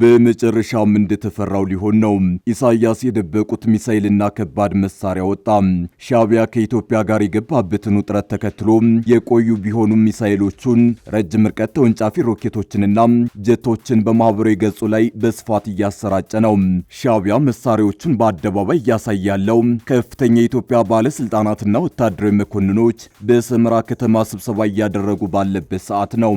በመጨረሻም እንደተፈራው ሊሆን ነው። ኢሳያስ የደበቁት ሚሳይልና ከባድ መሳሪያ ወጣ። ሻቢያ ከኢትዮጵያ ጋር የገባበትን ውጥረት ተከትሎ የቆዩ ቢሆኑም ሚሳይሎቹን ረጅም ርቀት ተወንጫፊ ሮኬቶችንና ጀቶችን በማህበራዊ ገጹ ላይ በስፋት እያሰራጨ ነው። ሻቢያ መሳሪያዎቹን በአደባባይ እያሳያለው ከፍተኛ የኢትዮጵያ ባለስልጣናትና ወታደራዊ መኮንኖች በሰመራ ከተማ ስብሰባ እያደረጉ ባለበት ሰዓት ነው።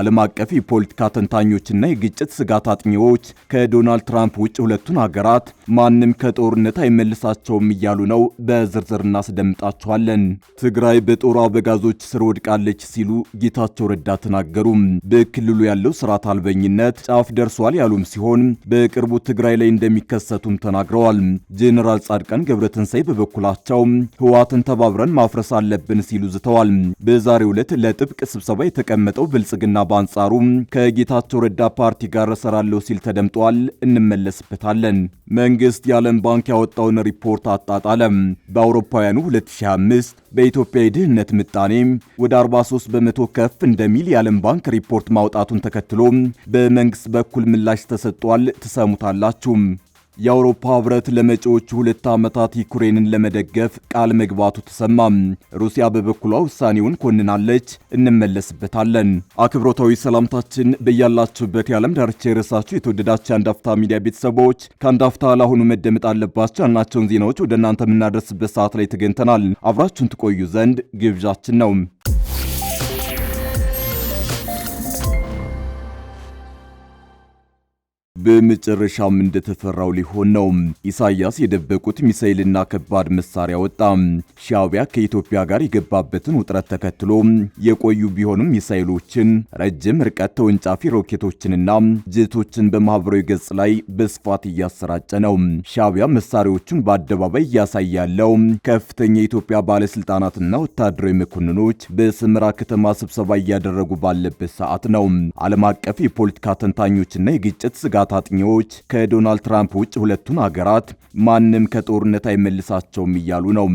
ዓለም አቀፍ የፖለቲካ ተንታኞችና የግጭት ስጋት አጥኚ ተንታኞች ከዶናልድ ትራምፕ ውጭ ሁለቱን ሀገራት ማንም ከጦርነት አይመልሳቸውም እያሉ ነው። በዝርዝር እናስደምጣቸዋለን። ትግራይ በጦር አበጋዞች ስር ወድቃለች ሲሉ ጌታቸው ረዳ ተናገሩ። በክልሉ ያለው ስርዓት አልበኝነት ጫፍ ደርሷል ያሉም ሲሆን በቅርቡ ትግራይ ላይ እንደሚከሰቱም ተናግረዋል። ጄኔራል ጻድቃን ገብረትንሳይ በበኩላቸው ህወሓትን ተባብረን ማፍረስ አለብን ሲሉ ዝተዋል። በዛሬው ዕለት ለጥብቅ ስብሰባ የተቀመጠው ብልጽግና በአንጻሩ ከጌታቸው ረዳ ፓርቲ ጋር እሰራለሁ ሲል ተደምጧል። እንመለስበታለን። መንግስት የዓለም ባንክ ያወጣውን ሪፖርት አጣጣለም። በአውሮፓውያኑ 2025 በኢትዮጵያ የድህነት ምጣኔ ወደ 43 በመቶ ከፍ እንደሚል የዓለም ባንክ ሪፖርት ማውጣቱን ተከትሎ በመንግስት በኩል ምላሽ ተሰጥቷል። ትሰሙታላችሁ። የአውሮፓ ህብረት ለመጪዎቹ ሁለት ዓመታት ዩክሬንን ለመደገፍ ቃል መግባቱ ተሰማ። ሩሲያ በበኩሏ ውሳኔውን ኮንናለች። እንመለስበታለን። አክብሮታዊ ሰላምታችን በያላችሁበት የዓለም ዳርቻ የረሳችሁ የተወደዳችሁ የአንዳፍታ ሚዲያ ቤተሰቦች ከአንዳፍታ ለአሁኑ መደመጥ አለባቸው ያልናቸውን ዜናዎች ወደ እናንተ የምናደርስበት ሰዓት ላይ ተገኝተናል። አብራችሁን ትቆዩ ዘንድ ግብዣችን ነው። በመጨረሻም እንደተፈራው ሊሆን ነው። ኢሳያስ የደበቁት ሚሳኤልና ከባድ መሳሪያ ወጣ። ሻቢያ ከኢትዮጵያ ጋር የገባበትን ውጥረት ተከትሎ የቆዩ ቢሆንም ሚሳኤሎችን፣ ረጅም ርቀት ተወንጫፊ ሮኬቶችንና ጀቶችን በማህበራዊ ገጽ ላይ በስፋት እያሰራጨ ነው። ሻቢያ መሳሪያዎቹን በአደባባይ እያሳየ ያለው ከፍተኛ የኢትዮጵያ ባለስልጣናትና ወታደራዊ መኮንኖች በስምራ ከተማ ስብሰባ እያደረጉ ባለበት ሰዓት ነው። ዓለም አቀፍ የፖለቲካ ተንታኞችና የግጭት ስጋት ጥናት አጥኚዎች ከዶናልድ ትራምፕ ውጭ ሁለቱን ሀገራት ማንም ከጦርነት አይመልሳቸውም እያሉ ነው።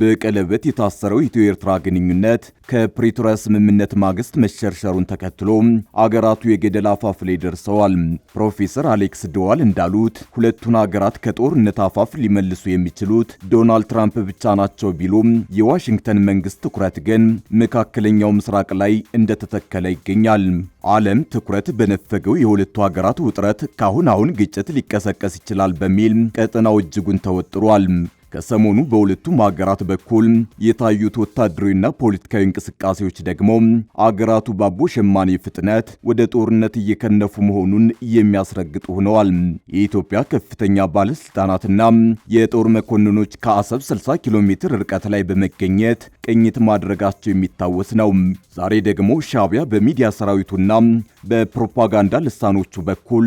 በቀለበት የታሰረው ኢትዮ ኤርትራ ግንኙነት ከፕሪቶሪያ ስምምነት ማግስት መሸርሸሩን ተከትሎ አገራቱ የገደል አፋፍ ላይ ደርሰዋል። ፕሮፌሰር አሌክስ ዶዋል እንዳሉት ሁለቱን አገራት ከጦርነት አፋፍ ሊመልሱ የሚችሉት ዶናልድ ትራምፕ ብቻ ናቸው ቢሉም የዋሽንግተን መንግስት ትኩረት ግን መካከለኛው ምስራቅ ላይ እንደተተከለ ይገኛል። ዓለም ትኩረት በነፈገው የሁለቱ አገራት ውጥረት ከአሁን አሁን ግጭት ሊቀሰቀስ ይችላል በሚል ቀጠናው እጅጉን ተወጥሯል። ከሰሞኑ በሁለቱም ሀገራት በኩል የታዩት ወታደራዊና ፖለቲካዊ እንቅስቃሴዎች ደግሞ አገራቱ ባቦ ሸማኔ ፍጥነት ወደ ጦርነት እየከነፉ መሆኑን የሚያስረግጡ ሆነዋል። የኢትዮጵያ ከፍተኛ ባለስልጣናትና የጦር መኮንኖች ከአሰብ 60 ኪሎ ሜትር ርቀት ላይ በመገኘት ቅኝት ማድረጋቸው የሚታወስ ነው። ዛሬ ደግሞ ሻቢያ በሚዲያ ሰራዊቱና በፕሮፓጋንዳ ልሳኖቹ በኩል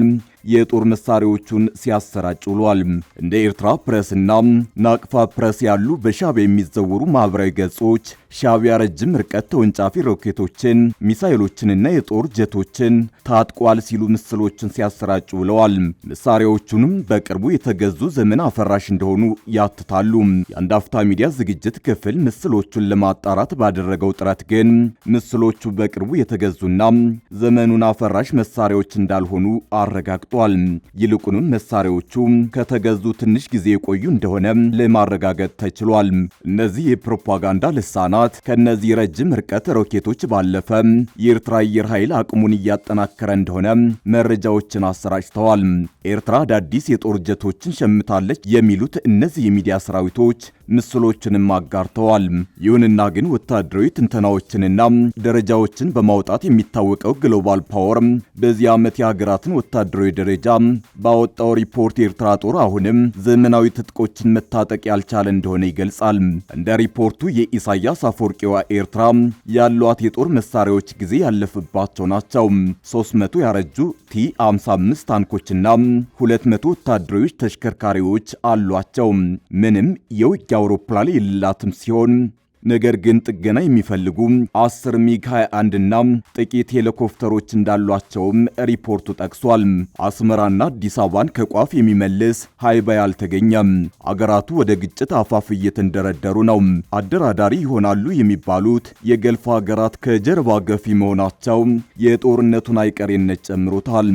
የጦር መሳሪያዎቹን ሲያሰራጭ ውሏል። እንደ ኤርትራ ፕሬስና ናቅፋ ፕሬስ ያሉ በሻዕቢያ የሚዘወሩ ማህበራዊ ገጾች ሻቢያ ረጅም ርቀት ተወንጫፊ ሮኬቶችን፣ ሚሳይሎችንና የጦር ጀቶችን ታጥቋል ሲሉ ምስሎችን ሲያሰራጩ ብለዋል። መሳሪያዎቹንም በቅርቡ የተገዙ ዘመን አፈራሽ እንደሆኑ ያትታሉ። የአንድ አፍታ ሚዲያ ዝግጅት ክፍል ምስሎቹን ለማጣራት ባደረገው ጥረት ግን ምስሎቹ በቅርቡ የተገዙና ዘመኑን አፈራሽ መሳሪያዎች እንዳልሆኑ አረጋግጧል። ይልቁንም መሳሪያዎቹ ከተገዙ ትንሽ ጊዜ የቆዩ እንደሆነ ለማረጋገጥ ተችሏል። እነዚህ የፕሮፓጋንዳ ልሳና ሰዓት ከነዚህ ረጅም ርቀት ሮኬቶች ባለፈ የኤርትራ አየር ኃይል አቅሙን እያጠናከረ እንደሆነ መረጃዎችን አሰራጭተዋል። ኤርትራ አዳዲስ የጦር ጀቶችን ሸምታለች የሚሉት እነዚህ የሚዲያ ሰራዊቶች ምስሎችንም አጋርተዋል። ይሁንና ግን ወታደራዊ ትንተናዎችንና ደረጃዎችን በማውጣት የሚታወቀው ግሎባል ፓወር በዚህ ዓመት የሀገራትን ወታደራዊ ደረጃ ባወጣው ሪፖርት የኤርትራ ጦር አሁንም ዘመናዊ ትጥቆችን መታጠቅ ያልቻለ እንደሆነ ይገልጻል። እንደ ሪፖርቱ የኢሳያስ አፈወርቂዋ ኤርትራ ያሏት የጦር መሳሪያዎች ጊዜ ያለፈባቸው ናቸው። 300 ያረጁ ቲ55 ታንኮችና 200 ወታደራዊ ተሽከርካሪዎች አሏቸው። ምንም የውጊያ አውሮፕላን የሌላትም ሲሆን ነገር ግን ጥገና የሚፈልጉ አስር ሚግ 21 እና ጥቂት ሄሊኮፕተሮች እንዳሏቸውም ሪፖርቱ ጠቅሷል። አስመራና አዲስ አበባን ከቋፍ የሚመልስ ሀይባይ አልተገኘም። አገራቱ ወደ ግጭት አፋፍ እየተንደረደሩ ነው። አደራዳሪ ይሆናሉ የሚባሉት የገልፍ ሀገራት ከጀርባ ገፊ መሆናቸው የጦርነቱን አይቀሬነት ጨምሮታል።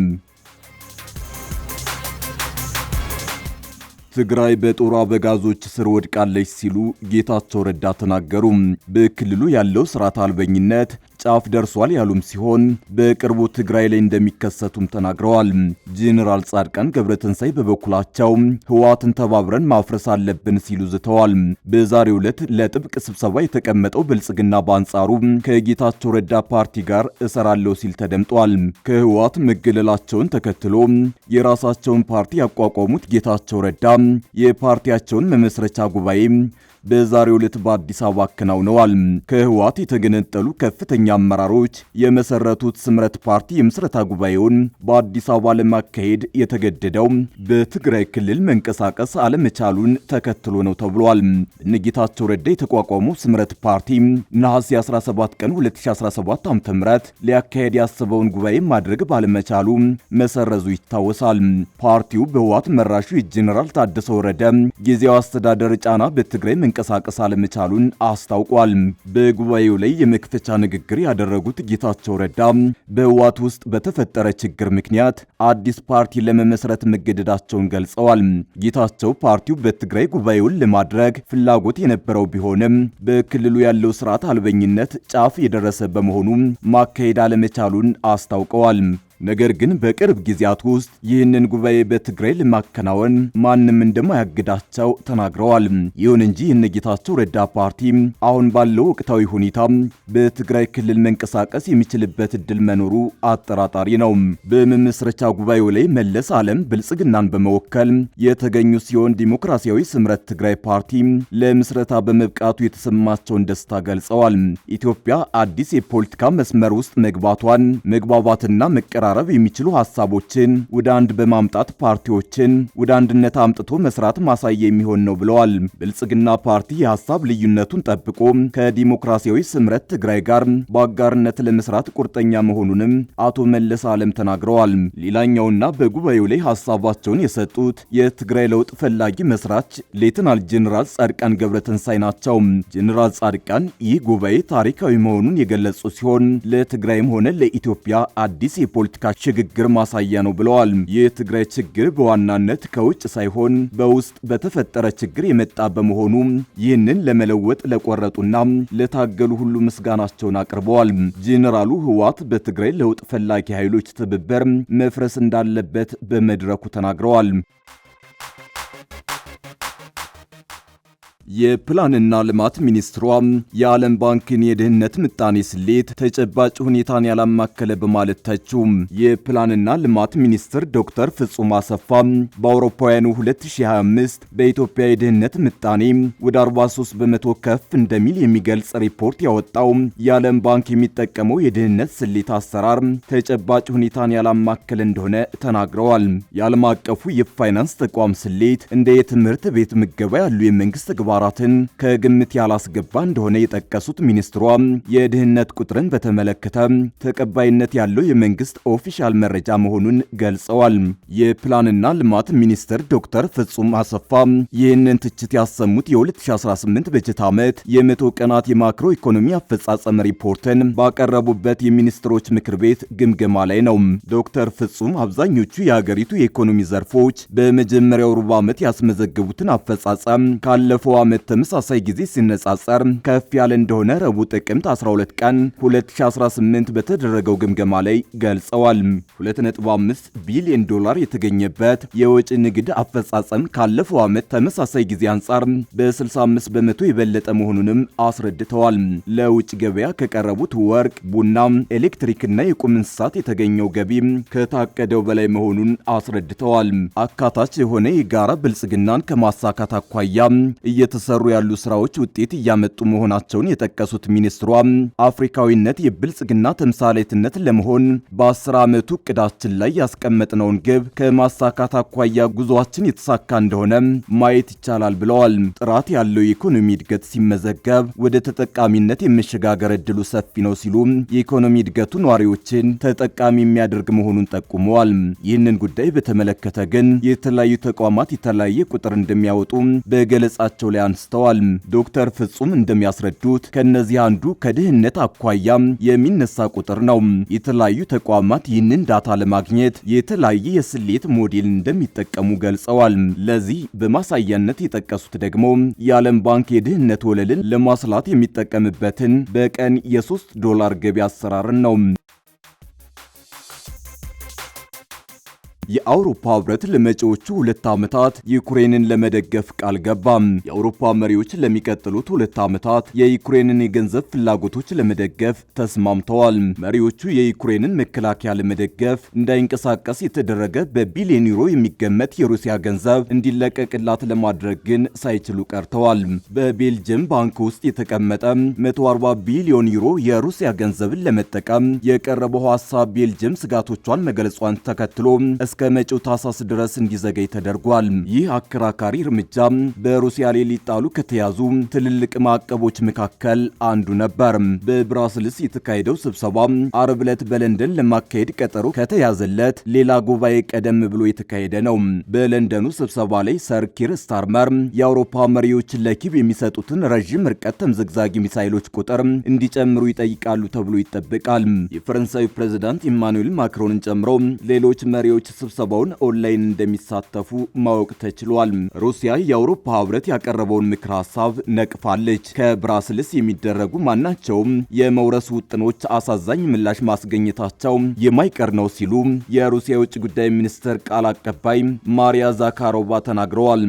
ትግራይ በጦር አበጋዞች ስር ወድቃለች ሲሉ ጌታቸው ረዳ ተናገሩ። በክልሉ ያለው ስርዓት አልበኝነት ጫፍ ደርሷል ያሉም ሲሆን በቅርቡ ትግራይ ላይ እንደሚከሰቱም ተናግረዋል። ጄኔራል ጻድቃን ገብረትንሳይ በበኩላቸው ህወሓትን ተባብረን ማፍረስ አለብን ሲሉ ዝተዋል። በዛሬው ዕለት ለጥብቅ ስብሰባ የተቀመጠው ብልጽግና በአንጻሩ ከጌታቸው ረዳ ፓርቲ ጋር እሰራለሁ ሲል ተደምጧል። ከህወሓት መገለላቸውን ተከትሎ የራሳቸውን ፓርቲ ያቋቋሙት ጌታቸው ረዳ የፓርቲያቸውን መመስረቻ ጉባኤ በዛሬው ዕለት በአዲስ አበባ አከናውነዋል። ከህወሓት የተገነጠሉ ከፍተኛ አመራሮች የመሰረቱት ስምረት ፓርቲ የምስረታ ጉባኤውን በአዲስ አበባ ለማካሄድ የተገደደው በትግራይ ክልል መንቀሳቀስ አለመቻሉን ተከትሎ ነው ተብሏል። እነጌታቸው ረዳ የተቋቋመው ስምረት ፓርቲ ነሐሴ 17 ቀን 2017 ዓ.ም ሊያካሄድ ያሰበውን ጉባኤ ማድረግ ባለመቻሉ መሰረዙ ይታወሳል። ፓርቲው በህወሓት መራሹ የጄኔራል ታደሰ ወረደ ጊዜያዊ አስተዳደር ጫና በትግራይ መንቀሳቀስ መንቀሳቀስ አለመቻሉን አስታውቋል። በጉባኤው ላይ የመክፈቻ ንግግር ያደረጉት ጌታቸው ረዳ በህወሓት ውስጥ በተፈጠረ ችግር ምክንያት አዲስ ፓርቲ ለመመስረት መገደዳቸውን ገልጸዋል። ጌታቸው ፓርቲው በትግራይ ጉባኤውን ለማድረግ ፍላጎት የነበረው ቢሆንም በክልሉ ያለው ስርዓት አልበኝነት ጫፍ የደረሰ በመሆኑ ማካሄድ አለመቻሉን አስታውቀዋል። ነገር ግን በቅርብ ጊዜያት ውስጥ ይህንን ጉባኤ በትግራይ ለማከናወን ማንም እንደማያግዳቸው ተናግረዋል። ይሁን እንጂ የነጌታቸው ረዳ ፓርቲ አሁን ባለው ወቅታዊ ሁኔታ በትግራይ ክልል መንቀሳቀስ የሚችልበት እድል መኖሩ አጠራጣሪ ነው። በመመስረቻ ጉባኤው ላይ መለስ ዓለም ብልጽግናን በመወከል የተገኙ ሲሆን ዲሞክራሲያዊ ስምረት ትግራይ ፓርቲ ለምስረታ በመብቃቱ የተሰማቸውን ደስታ ገልጸዋል። ኢትዮጵያ አዲስ የፖለቲካ መስመር ውስጥ መግባቷን መግባባትና መቀራ ማቀራረብ የሚችሉ ሀሳቦችን ወደ አንድ በማምጣት ፓርቲዎችን ወደ አንድነት አምጥቶ መስራት ማሳያ የሚሆን ነው ብለዋል። ብልጽግና ፓርቲ የሀሳብ ልዩነቱን ጠብቆ ከዲሞክራሲያዊ ስምረት ትግራይ ጋር በአጋርነት ለመስራት ቁርጠኛ መሆኑንም አቶ መለስ አለም ተናግረዋል። ሌላኛውና በጉባኤው ላይ ሀሳባቸውን የሰጡት የትግራይ ለውጥ ፈላጊ መስራች ሌትናል ጀኔራል ጻድቃን ገብረተንሳይ ናቸው። ጀኔራል ጻድቃን ይህ ጉባኤ ታሪካዊ መሆኑን የገለጹ ሲሆን ለትግራይም ሆነ ለኢትዮጵያ አዲስ የፖለቲካ የፖለቲካ ሽግግር ማሳያ ነው ብለዋል። የትግራይ ችግር በዋናነት ከውጭ ሳይሆን በውስጥ በተፈጠረ ችግር የመጣ በመሆኑ ይህንን ለመለወጥ ለቆረጡና ለታገሉ ሁሉ ምስጋናቸውን አቅርበዋል። ጄኔራሉ ህወሓት በትግራይ ለውጥ ፈላጊ ኃይሎች ትብብር መፍረስ እንዳለበት በመድረኩ ተናግረዋል። የፕላንና ልማት ሚኒስትሯ የዓለም ባንክን የድህነት ምጣኔ ስሌት ተጨባጭ ሁኔታን ያላማከለ በማለት ተችው። የፕላንና ልማት ሚኒስትር ዶክተር ፍጹም አሰፋ በአውሮፓውያኑ 2025 በኢትዮጵያ የድህነት ምጣኔ ወደ 43 በመቶ ከፍ እንደሚል የሚገልጽ ሪፖርት ያወጣው የዓለም ባንክ የሚጠቀመው የድህነት ስሌት አሰራር ተጨባጭ ሁኔታን ያላማከለ እንደሆነ ተናግረዋል። የዓለም አቀፉ የፋይናንስ ተቋም ስሌት እንደ የትምህርት ቤት ምገባ ያሉ የመንግስት ግባ ተግባራትን ከግምት ያላስገባ እንደሆነ የጠቀሱት ሚኒስትሯ የድህነት ቁጥርን በተመለከተ ተቀባይነት ያለው የመንግስት ኦፊሻል መረጃ መሆኑን ገልጸዋል። የፕላንና ልማት ሚኒስትር ዶክተር ፍጹም አሰፋ ይህንን ትችት ያሰሙት የ2018 በጀት ዓመት የመቶ ቀናት የማክሮ ኢኮኖሚ አፈጻጸም ሪፖርትን ባቀረቡበት የሚኒስትሮች ምክር ቤት ግምገማ ላይ ነው። ዶክተር ፍጹም አብዛኞቹ የሀገሪቱ የኢኮኖሚ ዘርፎች በመጀመሪያው ሩብ ዓመት ያስመዘገቡትን አፈጻጸም ካለፈው ዓመት ተመሳሳይ ጊዜ ሲነጻጸር ከፍ ያለ እንደሆነ ረቡዕ ጥቅምት 12 ቀን 2018 በተደረገው ግምገማ ላይ ገልጸዋል። 2.5 ቢሊዮን ዶላር የተገኘበት የወጪ ንግድ አፈጻጸም ካለፈው ዓመት ተመሳሳይ ጊዜ አንጻር በ65 በመቶ የበለጠ መሆኑንም አስረድተዋል። ለውጭ ገበያ ከቀረቡት ወርቅ፣ ቡና፣ ኤሌክትሪክና የቁም እንስሳት የተገኘው ገቢ ከታቀደው በላይ መሆኑን አስረድተዋል። አካታች የሆነ የጋራ ብልጽግናን ከማሳካት አኳያ እየተ እየተሰሩ ያሉ ስራዎች ውጤት እያመጡ መሆናቸውን የጠቀሱት ሚኒስትሯ አፍሪካዊነት የብልጽግና ተምሳሌትነት ለመሆን በአስር ዓመቱ እቅዳችን ላይ ያስቀመጥነውን ግብ ከማሳካት አኳያ ጉዞችን የተሳካ እንደሆነ ማየት ይቻላል ብለዋል። ጥራት ያለው የኢኮኖሚ እድገት ሲመዘገብ ወደ ተጠቃሚነት የመሸጋገር እድሉ ሰፊ ነው ሲሉ የኢኮኖሚ እድገቱ ነዋሪዎችን ተጠቃሚ የሚያደርግ መሆኑን ጠቁመዋል። ይህንን ጉዳይ በተመለከተ ግን የተለያዩ ተቋማት የተለያየ ቁጥር እንደሚያወጡ በገለጻቸው ላይ አንስተዋል። ዶክተር ፍጹም እንደሚያስረዱት ከእነዚህ አንዱ ከድህነት አኳያ የሚነሳ ቁጥር ነው። የተለያዩ ተቋማት ይህንን ዳታ ለማግኘት የተለያየ የስሌት ሞዴል እንደሚጠቀሙ ገልጸዋል። ለዚህ በማሳያነት የጠቀሱት ደግሞ የዓለም ባንክ የድህነት ወለልን ለማስላት የሚጠቀምበትን በቀን የሶስት ዶላር ገቢ አሰራርን ነው። የአውሮፓ ህብረት ለመጪዎቹ ሁለት ዓመታት ዩክሬንን ለመደገፍ ቃል ገባም። የአውሮፓ መሪዎች ለሚቀጥሉት ሁለት ዓመታት የዩክሬንን የገንዘብ ፍላጎቶች ለመደገፍ ተስማምተዋል። መሪዎቹ የዩክሬንን መከላከያ ለመደገፍ እንዳይንቀሳቀስ የተደረገ በቢሊዮን ዩሮ የሚገመት የሩሲያ ገንዘብ እንዲለቀቅላት ለማድረግ ግን ሳይችሉ ቀርተዋል። በቤልጅየም ባንክ ውስጥ የተቀመጠ 140 ቢሊዮን ዩሮ የሩሲያ ገንዘብን ለመጠቀም የቀረበው ሀሳብ ቤልጅየም ስጋቶቿን መገለጿን ተከትሎ እስከ መጪው ታሳስ ድረስ እንዲዘገይ ተደርጓል። ይህ አከራካሪ እርምጃ በሩሲያ ላይ ሊጣሉ ከተያዙ ትልልቅ ማዕቀቦች መካከል አንዱ ነበር። በብራስልስ የተካሄደው ስብሰባ አርብ ዕለት በለንደን ለማካሄድ ቀጠሮ ከተያዘለት ሌላ ጉባኤ ቀደም ብሎ የተካሄደ ነው። በለንደኑ ስብሰባ ላይ ሰር ኪር ስታርመር የአውሮፓ መሪዎች ለኪብ የሚሰጡትን ረዥም ርቀት ተምዘግዛጊ ሚሳይሎች ቁጥር እንዲጨምሩ ይጠይቃሉ ተብሎ ይጠበቃል። የፈረንሳዊ ፕሬዚዳንት ኢማኑኤል ማክሮንን ጨምሮ ሌሎች መሪዎች ስብሰባውን ኦንላይን እንደሚሳተፉ ማወቅ ተችሏል። ሩሲያ የአውሮፓ ህብረት ያቀረበውን ምክር ሀሳብ ነቅፋለች። ከብራስልስ የሚደረጉ ማናቸውም የመውረስ ውጥኖች አሳዛኝ ምላሽ ማስገኘታቸው የማይቀር ነው ሲሉ የሩሲያ የውጭ ጉዳይ ሚኒስትር ቃል አቀባይ ማሪያ ዛካሮቫ ተናግረዋል።